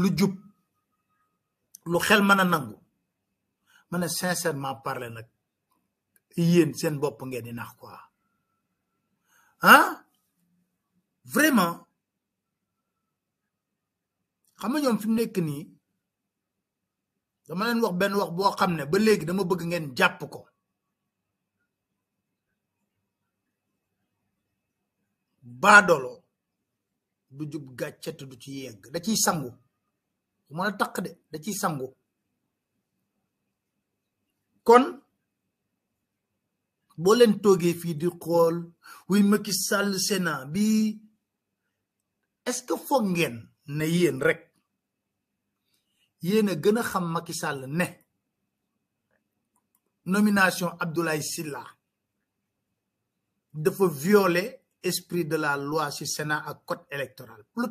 lu jub lu xel mana nangu mana sincèrement parler nak yeen sen bop ngeen di nax quoi ah vraiment xam nga ñom fi nekk ni dama len wax ben wax bo xamne ba legi dama bëgg ngeen japp ko dolo du jub du ci yegg da ci sangu mën si vous de da que vous kon di Macky Sénat est-ce que fo ne vous rek gëna xam Macky Sall ne nomination Abdoulaye Silla dafa violer esprit de la loi ci Sénat à code électoral lu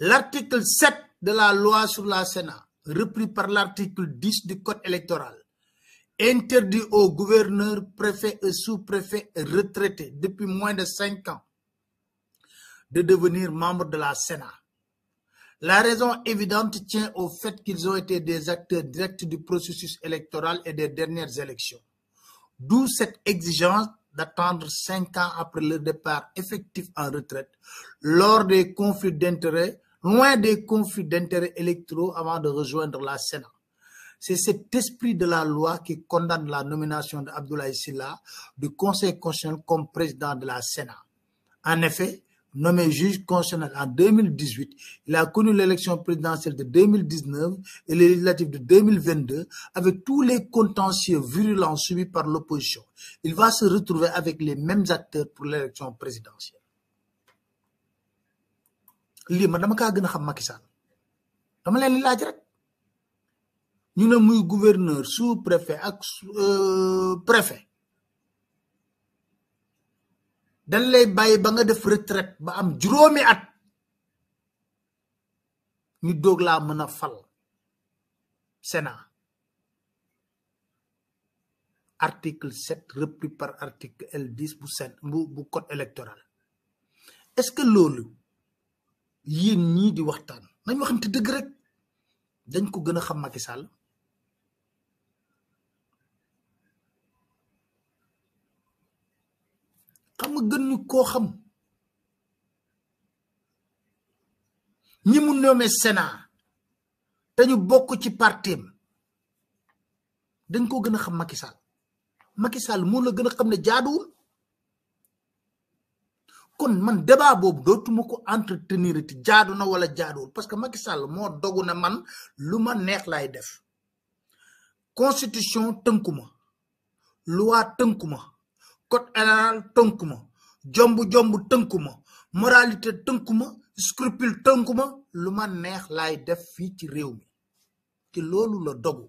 L'article 7 de la loi sur la Sénat, repris par l'article 10 du Code électoral, interdit aux gouverneurs, préfets et sous-préfets retraités depuis moins de 5 ans de devenir membres de la Sénat. La raison évidente tient au fait qu'ils ont été des acteurs directs du processus électoral et des dernières élections. D'où cette exigence d'attendre cinq ans après le départ effectif en retraite lors des conflits d'intérêts loin des conflits d'intérêts électoraux avant de rejoindre la Sénat. C'est cet esprit de la loi qui condamne la nomination d'Abdoulaye Silla du Conseil constitutionnel comme président de la Sénat. En effet, nommé juge constitutionnel en 2018, il a connu l'élection présidentielle de 2019 et l'élection de 2022 avec tous les contentieux virulents subis par l'opposition. Il va se retrouver avec les mêmes acteurs pour l'élection présidentielle. lii man dama ka gëna xam Macky Sall dama leen laaj rek ñu ne muy gouverneur sous préfet ak euh, préfet dañ lay bàyyi ba nga def retraite ba am juróomi at ñu doog laa mën a fal sénat article 7 repris par article L10 bu sen bu bu code électoral est-ce que loolu yéen ñii di waxtaan nañ waxante dëgg rek dañ ko gën a xam Macky Sall xam nga gën ñu koo xam ñi mun nommé senaa te bokk ci partim dañ koo gën a xam Macky Sall Macky moo la gën a xam ne jaaduwul kon man débat boobu dootuma ko entretenir ti jaadu na wala jaaduwul parce que Macky Sall moo dogu na man lu ma neex laay def constitution tënku ma loi tënku ma code pénal ma jomb-jomb tënkuma moralité tënkuma ma scrupule tënku lu ma neex laay def fii ci réew mi ci loolu la dogu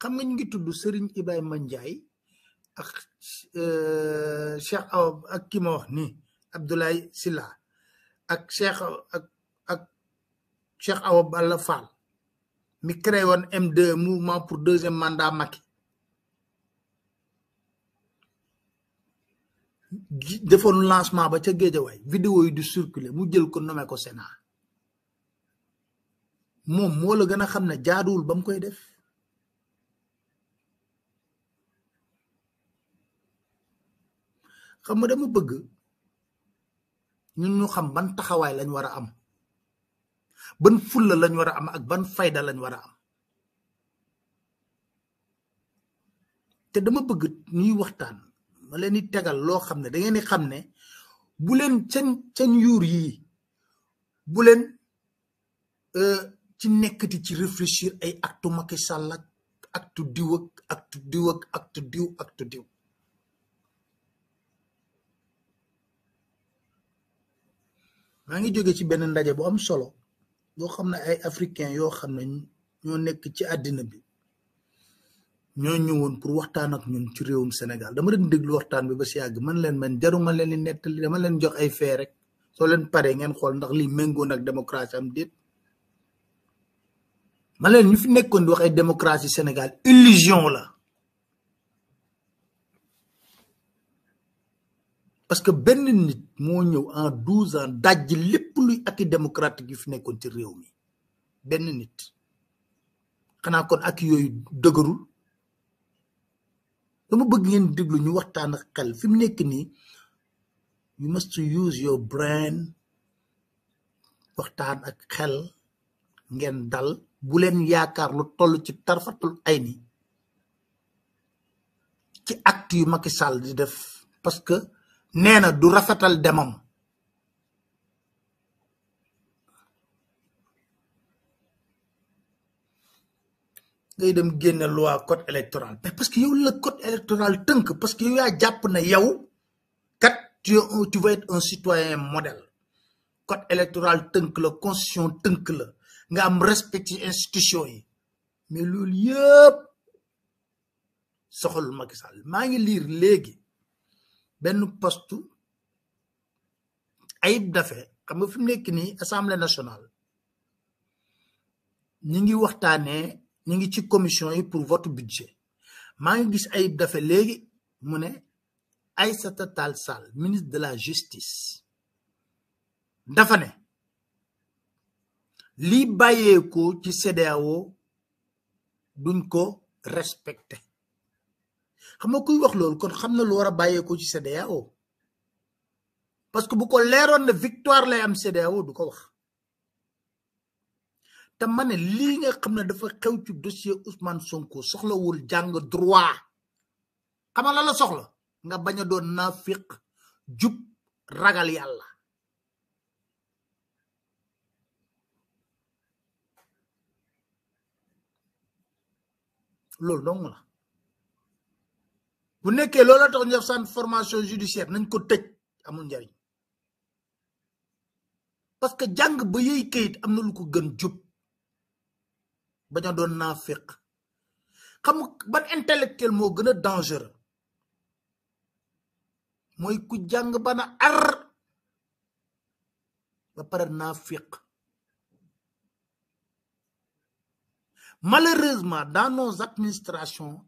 xam nga ñu ngi tudd Serigne Ibrahima Ndiaye ak euh, Cheikh Awa ak ki ma wax ni Abdoulaye Silla, ak Cheikh ak ak Cheikh Awa Balla Fall mi créé won M2 mouvement pour deuxième mandat Macky defoon lancement ba ca Géejawaay vidéo yi du circuler mu jël ko nomé ko Sénat mom mo le gëna a xam bam koy def xam dama bëgg ñun ñu xam ban taxawaay lañ war a am ban fulla lañ war a am ak ban fayda lañ war am te dama bëgg ñuy waxtaan ma leen di tegal loo xam ne da ngeen di xam ne bu leen can can yuur yi bu leen euh, ci nekkati ci réfléchir ay actu Macky ak actu diw ak actu diw ak actu diw actu diw maa ngi jóge ci benn ndaje bu am solo yoo xam ne ay africain yoo xam ne ñoo nekk ci àddina bi ñoo ñëwoon pour waxtaan ak ñun ci réewum Sénégal dama leen déglu waxtaan bi ba si yàgg man leen man jaru leen di nettali dama leen jox ay fee rek soo leen paree ngeen xool ndax lii démocratie am déet ma leen ñu fi nekkoon wax ay démocratie Sénégal illusion la parce que benn nit moo ñëw en douze ans dajj lépp luy acquis démocratique yu fi nekkoon ci réew mi benn nit xanaa kon ak yooyu dëgërul dama bëgg ngeen déglu ñu waxtaan ak xel fi mu nekk nii you must use your waxtaan ak xel ngeen dal bu leen yaakaar lu toll ci tarfatul ay ni ci acte yu Macky Sall di def parce que nee du rafetal demam ngay dem génne loi code électoral parce que yow le code électoral tënk parce que yow yaa jàpp na yow kat tu veux être un citoyen modèle code électoral tënk le constitution tënk la nga am respect ci institution yi mais loolu yépp soxalul Macky Sall maa ngi lire léegi ben, poste Ayib Daffé xam nga fi mu nekk assemblée nationale ñi ngi waxtaanee ñi ngi ci commission yi pour vote budget maa ngi gis Ayib Daffé léegi mu ne Aïssata ministre de la justice dafa ne lii bàyyeekoo ci CDAO, duñ ko respecté xam nga kuy wax lool kon xam na lu war a ko ci CDAO parce que bu ko leeroon ne victoire lay am CDAO du ko wax te ma ne lii nga xam ne dafa xew ci dossier Ousmane Sonko soxlawul jàng droit xama la la soxla nga bañ a doon ragal yàlla loolu dong la Vous nekkee que tax ñu son formation judiciaire nañ ko tëj amul parce que jang ba yey amna lu ko gën ban intellectuel dangereux moy ku jang bana ar ba par nafiq. malheureusement dans nos administrations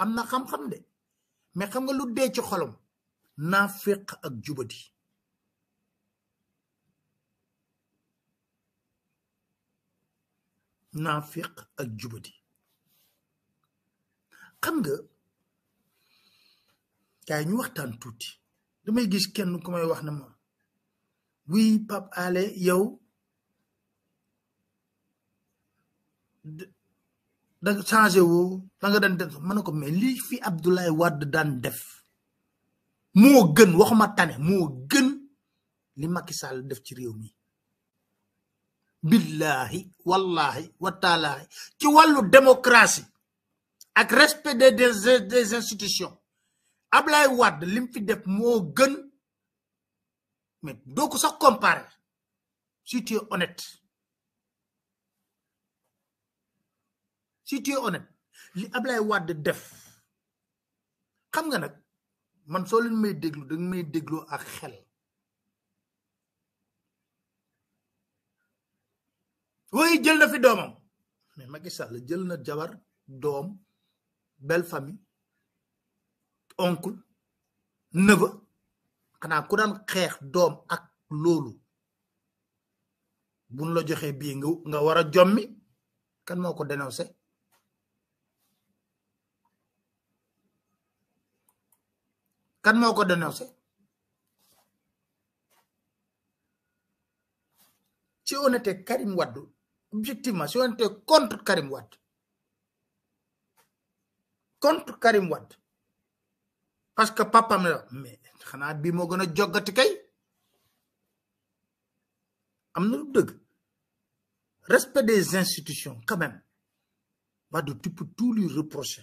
amna xam-xam de mais xam nga lu dé ci xolam nafiq ak jubadi nafiq ak jubadi xam nga kaay ñu waxtaan tuuti damay gis kenn ku may wax na ma wi pap Alé yow da nga changé woo da nga daan def ma ne ko mais lii fi Abdoulaye Wade dan def moo gën ma tane moo gën li Macky Sall def ci réew mi. billahi wallahi wataalaahi ci wàllu démocratie ak respect des des institutions Abdoulaye Wade li fi def moo gën mais doo ko sax comparer si tu si tu es honnête li Ablaye Wade def xam nga nag man soo leen may déglu da nga may déglu ak xel woy jël na fi doomam mais Macky Sall jël na jabar doom belle famille oncle neveu xanaa ku daan xeex doom ak loolu buñ la joxee bii nga nga war a jommi kan moo ko dénoncé si on était Karim objectivement si on était contre Karim contre Karim parce que me dit « mais ne pas a respect des institutions quand même tu peux tout lui reprocher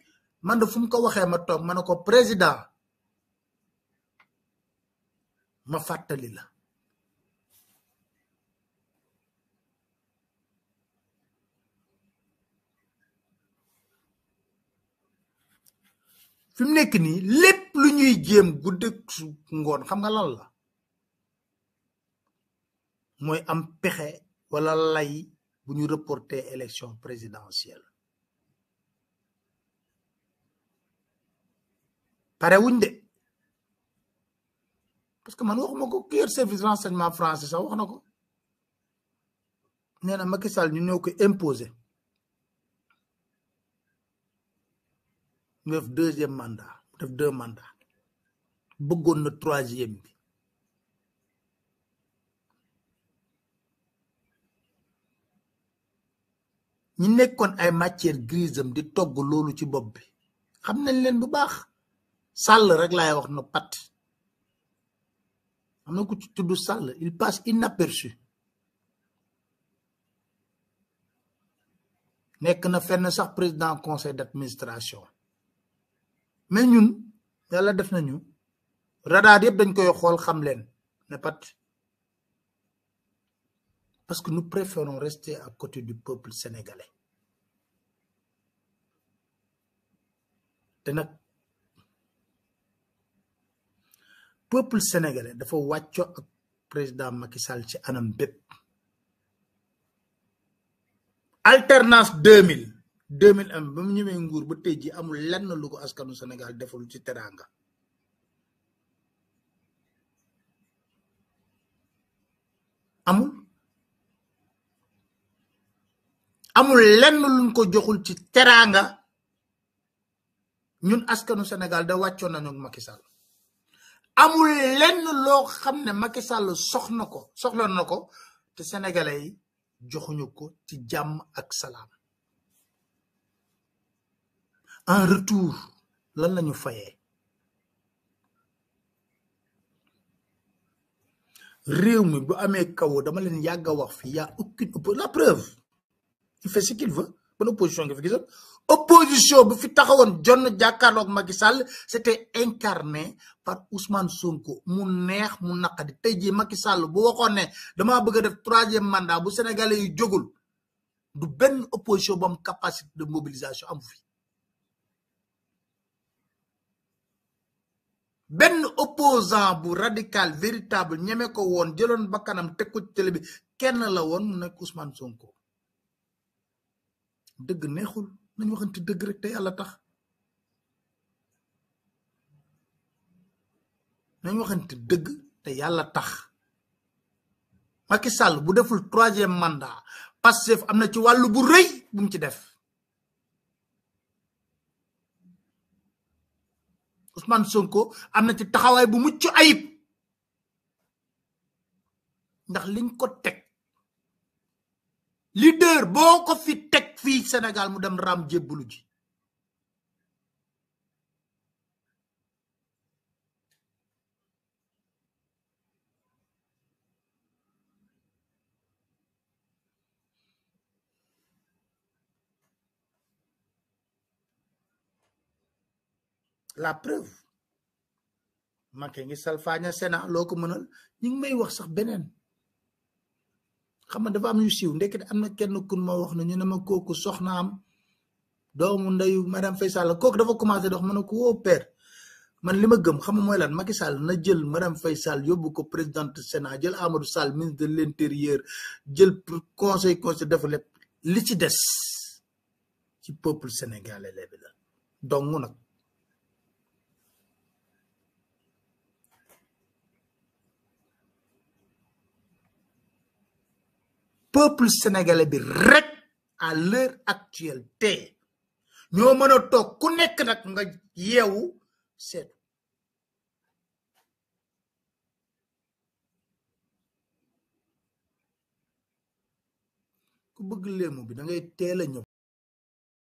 man de fu mu ko waxee ma toog ma ne ko président ma fàttali la fi mu nekk nii lépp lu ñuy jéem guddeeg su ngoon xam nga lan la mooy am pexe wala lay bu ñu reporter élection présidentielle parewuñ de parce que man waxuma ko ki service renseignement français ça wax na ko nee na Macky Sall ñu ñoo ko imposé Neuf deuxième mandat mu def deux mandats bëggoon na troisième bi ñi nekkoon ay matière grise am di togg loolu ci bopp bi xam nañ leen bu baax Sal rek nos wax no pat tout il passe inaperçu Nous na fenn sax président conseil d'administration mais ñun yalla def nañu radar yeb dañ koy xol xam ne pat parce que nous préférons rester à côté du peuple sénégalais de peuple sénégalais dafa wàcco président Macky Sall ci anam bépp alternance 2000 2001 ba mu ñëwee nguur ba tey ji amul lenn lu ko askanu Sénégal deful ci teraanga amul amul lenn luñ ko joxul ci teraanga ñun askanu Sénégal da wàccoon na ak Macky Sall amul lenn lo xam ne Macky Sall soxna ko soxla na te sénégalais yi joxuñu ko ci jàmm ak salam en retour lan lañu fayé réew mi bu amé kaw dama leen yàgg wax fi ya a aucune la preuve il fait ce qu'il veut bonne opposition nga fi gisal opposition bu fi taxawoon jonn jàkkaarloog Macky Sall c'était incarné par Ousmane Sonko mu neex mu naqadi tey jii Macky Sall bu waxoon ne damaa bëgg a def troisième mandat bu sénégalais yi jogul du benn opposition bu am fi benn opposant bu radical véritable ñeme ko woon jëloon bakkanam teg ko ci kenn la woon mu nekk Ousmane Sonko dëgg neexul nañ waxante dëgg rek te yàlla tax nañ waxante dëgg te yàlla tax Macky sàll bu deful troisième mandat Pastef am na ci wàllu bu rëy bu mu ci def Ousmane Sonko am na ci taxawaay bu mucc ayib ndax liñ ko teg leader boko fi tek fi senegal mu dem ram jébbulu ji la preuve maké ngi salfaña sénat loko meunal ñing may wax sax benen xam nga dafa am ñu siiw ndekete am na kenn kun ma wax na ñu ne ma kooku soxnaam doomu ndeyu madame Faye Sall kooku dafa commencé dox ma ne ko woo oh, père man li ma gëm xam nga mooy lan Macky Sall na jël madame fay Sall yóbbu ko présidente Sénat jël Amadou Sall ministre de l' intérieur jël conseil conseil dafa lépp li ci des ci peuple sénégalais la bi la dong nag. peuple sénégalais bi rek à l'heure actuelle tey ñoo mën a toog ku nekk nag nga yeewu seet ku bëgg léemu bi da ngay teel a ñëw